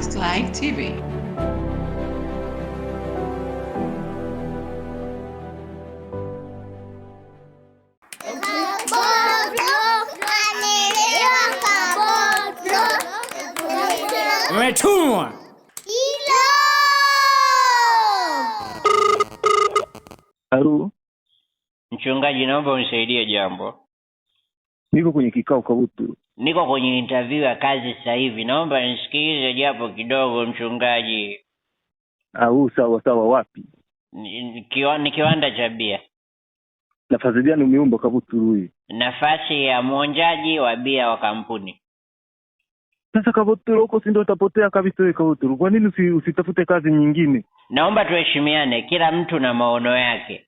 Christ Live TV. Mmetumwa. Halo. Mchungaji, naomba unisaidie jambo. Niko kwenye kikao Kabutu, niko kwenye interview ya kazi sasa hivi. Naomba nisikilize japo kidogo, mchungaji. Au ah, sawa sawa, wapi? Ni kiwa, kiwanda cha bia. Nafasi gani umeumba Kabutu Nafasi ya mwonjaji wa bia wa kampuni. Sasa Kabuturu huko, si utapotea kabisa wewe Kabuturu? Kwa nini usitafute kazi nyingine? Naomba tuheshimiane, kila mtu na maono yake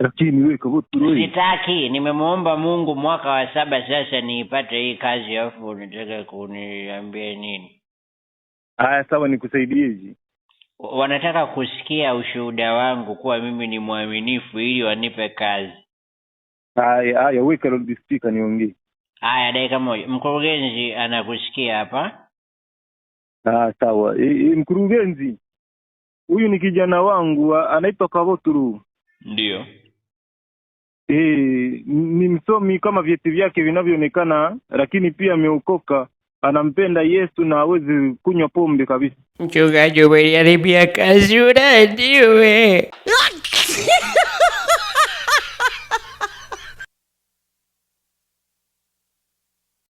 lakini we kavotuloi sitaki nimemwomba mungu mwaka wa saba sasa niipate hii kazi alafu unataka kuniambia nini haya sawa nikusaidieji wanataka kusikia ushuhuda wangu kuwa mimi ni mwaminifu ili wanipe kazi haya haya weka lodispika niongee haya dakika moja mkurugenzi anakusikia hapa ah sawa e, e, mkurugenzi huyu ni kijana wangu anaitwa kavoturu ndiyo E, ni msomi kama vyeti vyake vinavyoonekana, lakini pia ameokoka, anampenda Yesu na hawezi kunywa pombe kabisa. Mchungaji, umeniharibia kazi, unajua